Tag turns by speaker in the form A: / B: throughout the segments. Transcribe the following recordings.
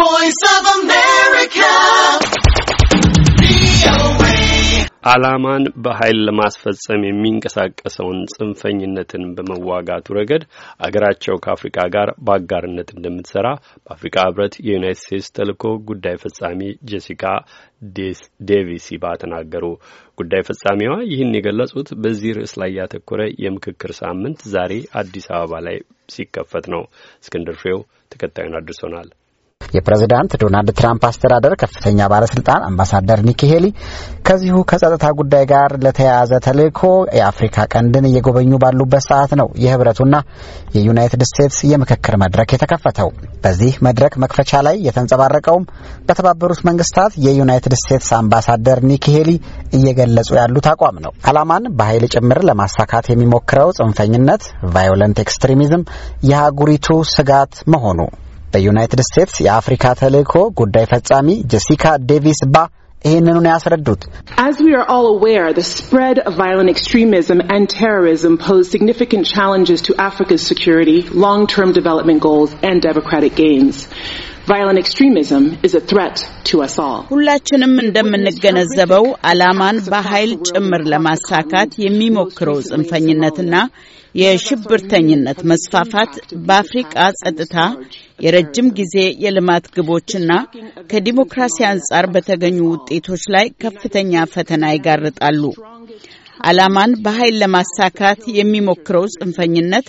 A: voice of America.
B: ዓላማን በኃይል ለማስፈጸም የሚንቀሳቀሰውን ጽንፈኝነትን በመዋጋቱ ረገድ አገራቸው ከአፍሪካ ጋር በአጋርነት እንደምትሰራ በአፍሪካ ህብረት የዩናይት ስቴትስ ተልዕኮ ጉዳይ ፈጻሚ ጄሲካ ዴቪስ ይባ ተናገሩ። ጉዳይ ፈጻሚዋ ይህን የገለጹት በዚህ ርዕስ ላይ ያተኮረ የምክክር ሳምንት ዛሬ አዲስ አበባ ላይ ሲከፈት ነው። እስክንድር ፍሬው ተከታዩን አድርሶናል። የፕሬዝዳንት ዶናልድ ትራምፕ አስተዳደር ከፍተኛ ባለስልጣን አምባሳደር ኒኪ ሄሊ ከዚሁ ከጸጥታ ጉዳይ ጋር ለተያያዘ ተልእኮ የአፍሪካ ቀንድን እየጎበኙ ባሉበት ሰዓት ነው የህብረቱና የዩናይትድ ስቴትስ የምክክር መድረክ የተከፈተው። በዚህ መድረክ መክፈቻ ላይ የተንጸባረቀውም በተባበሩት መንግስታት የዩናይትድ ስቴትስ አምባሳደር ኒኪ ሄሊ እየገለጹ ያሉት አቋም ነው። አላማን በኃይል ጭምር ለማሳካት የሚሞክረው ጽንፈኝነት፣ ቫዮለንት ኤክስትሪሚዝም የአህጉሪቱ ስጋት መሆኑ As we are all aware,
A: the spread of violent extremism and terrorism pose significant challenges to Africa's security, long-term development goals, and democratic gains. violent extremism is a threat to us all.
C: ሁላችንም እንደምንገነዘበው ዓላማን በኃይል ጭምር ለማሳካት የሚሞክረው ጽንፈኝነትና የሽብርተኝነት መስፋፋት በአፍሪቃ ጸጥታ፣ የረጅም ጊዜ የልማት ግቦችና ከዲሞክራሲ አንጻር በተገኙ ውጤቶች ላይ ከፍተኛ ፈተና ይጋርጣሉ። ዓላማን በኃይል ለማሳካት የሚሞክረው ጽንፈኝነት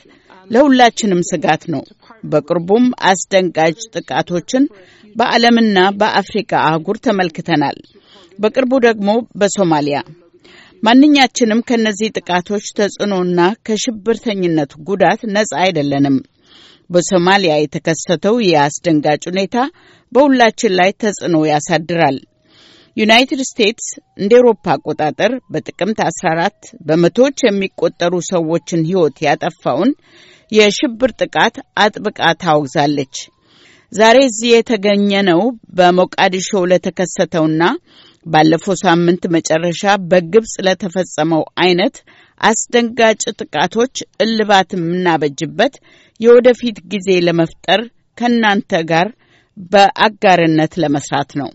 C: ለሁላችንም ስጋት ነው። በቅርቡም አስደንጋጭ ጥቃቶችን በዓለምና በአፍሪካ አህጉር ተመልክተናል። በቅርቡ ደግሞ በሶማሊያ ማንኛችንም ከእነዚህ ጥቃቶች ተጽዕኖና ከሽብርተኝነት ጉዳት ነጻ አይደለንም። በሶማሊያ የተከሰተው የአስደንጋጭ ሁኔታ በሁላችን ላይ ተጽዕኖ ያሳድራል። ዩናይትድ ስቴትስ እንደ ኤሮፓ አቆጣጠር በጥቅምት 14 በመቶዎች የሚቆጠሩ ሰዎችን ሕይወት ያጠፋውን የሽብር ጥቃት አጥብቃ ታወግዛለች። ዛሬ እዚህ የተገኘ ነው በሞቃዲሾ ለተከሰተውና ባለፈው ሳምንት መጨረሻ በግብፅ ለተፈጸመው አይነት አስደንጋጭ ጥቃቶች እልባት የምናበጅበት የወደፊት ጊዜ ለመፍጠር ከእናንተ ጋር በአጋርነት ለመስራት ነው።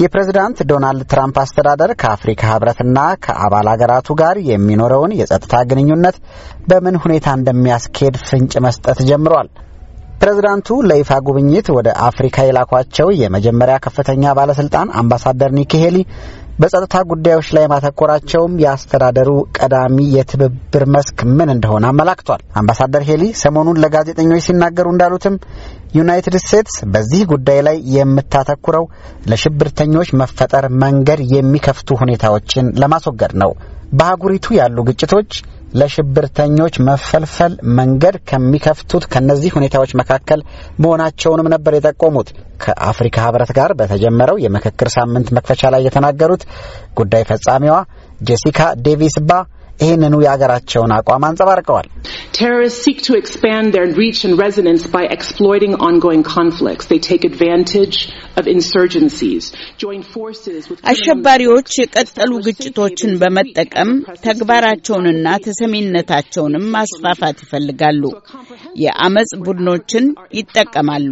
B: የፕሬዝዳንት ዶናልድ ትራምፕ አስተዳደር ከአፍሪካ ህብረትና ከአባል አገራቱ ጋር የሚኖረውን የጸጥታ ግንኙነት በምን ሁኔታ እንደሚያስኬድ ፍንጭ መስጠት ጀምሯል። ፕሬዝዳንቱ ለይፋ ጉብኝት ወደ አፍሪካ የላኳቸው የመጀመሪያ ከፍተኛ ባለስልጣን አምባሳደር ኒኪ ሄሊ በጸጥታ ጉዳዮች ላይ ማተኮራቸውም የአስተዳደሩ ቀዳሚ የትብብር መስክ ምን እንደሆነ አመላክቷል። አምባሳደር ሄሊ ሰሞኑን ለጋዜጠኞች ሲናገሩ እንዳሉትም ዩናይትድ ስቴትስ በዚህ ጉዳይ ላይ የምታተኩረው ለሽብርተኞች መፈጠር መንገድ የሚከፍቱ ሁኔታዎችን ለማስወገድ ነው። በአህጉሪቱ ያሉ ግጭቶች ለሽብርተኞች መፈልፈል መንገድ ከሚከፍቱት ከነዚህ ሁኔታዎች መካከል መሆናቸውንም ነበር የጠቆሙት። ከአፍሪካ ህብረት ጋር በተጀመረው የምክክር ሳምንት መክፈቻ ላይ የተናገሩት ጉዳይ ፈጻሚዋ ጄሲካ ዴቪስ ባ ይህንኑ የሀገራቸውን አቋም አንጸባርቀዋል።
A: አሸባሪዎች የቀጠሉ
C: ግጭቶችን በመጠቀም ተግባራቸውንና ተሰሚነታቸውንም ማስፋፋት ይፈልጋሉ። የአመጽ ቡድኖችን ይጠቀማሉ።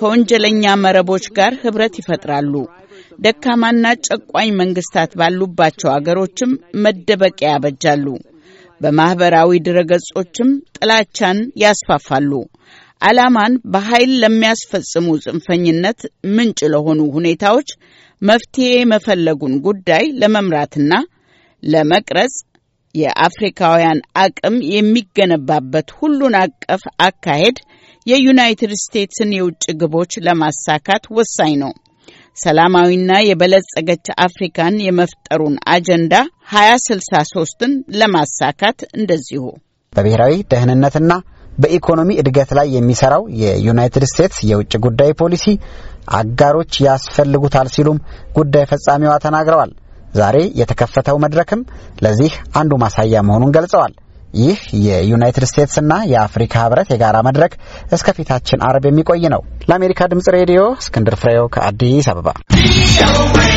C: ከወንጀለኛ መረቦች ጋር ህብረት ይፈጥራሉ። ደካማና ጨቋኝ መንግስታት ባሉባቸው አገሮችም መደበቂያ ያበጃሉ። በማኅበራዊ ድረገጾችም ጥላቻን ያስፋፋሉ። ዓላማን በኃይል ለሚያስፈጽሙ ጽንፈኝነት ምንጭ ለሆኑ ሁኔታዎች መፍትሔ የመፈለጉን ጉዳይ ለመምራትና ለመቅረጽ የአፍሪካውያን አቅም የሚገነባበት ሁሉን አቀፍ አካሄድ የዩናይትድ ስቴትስን የውጭ ግቦች ለማሳካት ወሳኝ ነው። ሰላማዊና የበለጸገች አፍሪካን የመፍጠሩን አጀንዳ 2063ን ለማሳካት እንደዚሁ
B: በብሔራዊ ደህንነትና በኢኮኖሚ እድገት ላይ የሚሰራው የዩናይትድ ስቴትስ የውጭ ጉዳይ ፖሊሲ አጋሮች ያስፈልጉታል ሲሉም ጉዳይ ፈጻሚዋ ተናግረዋል። ዛሬ የተከፈተው መድረክም ለዚህ አንዱ ማሳያ መሆኑን ገልጸዋል። ይህ የዩናይትድ ስቴትስና የአፍሪካ ህብረት የጋራ መድረክ እስከፊታችን አርብ የሚቆይ ነው። ለአሜሪካ ድምጽ ሬዲዮ እስክንድር ፍሬው ከአዲስ አበባ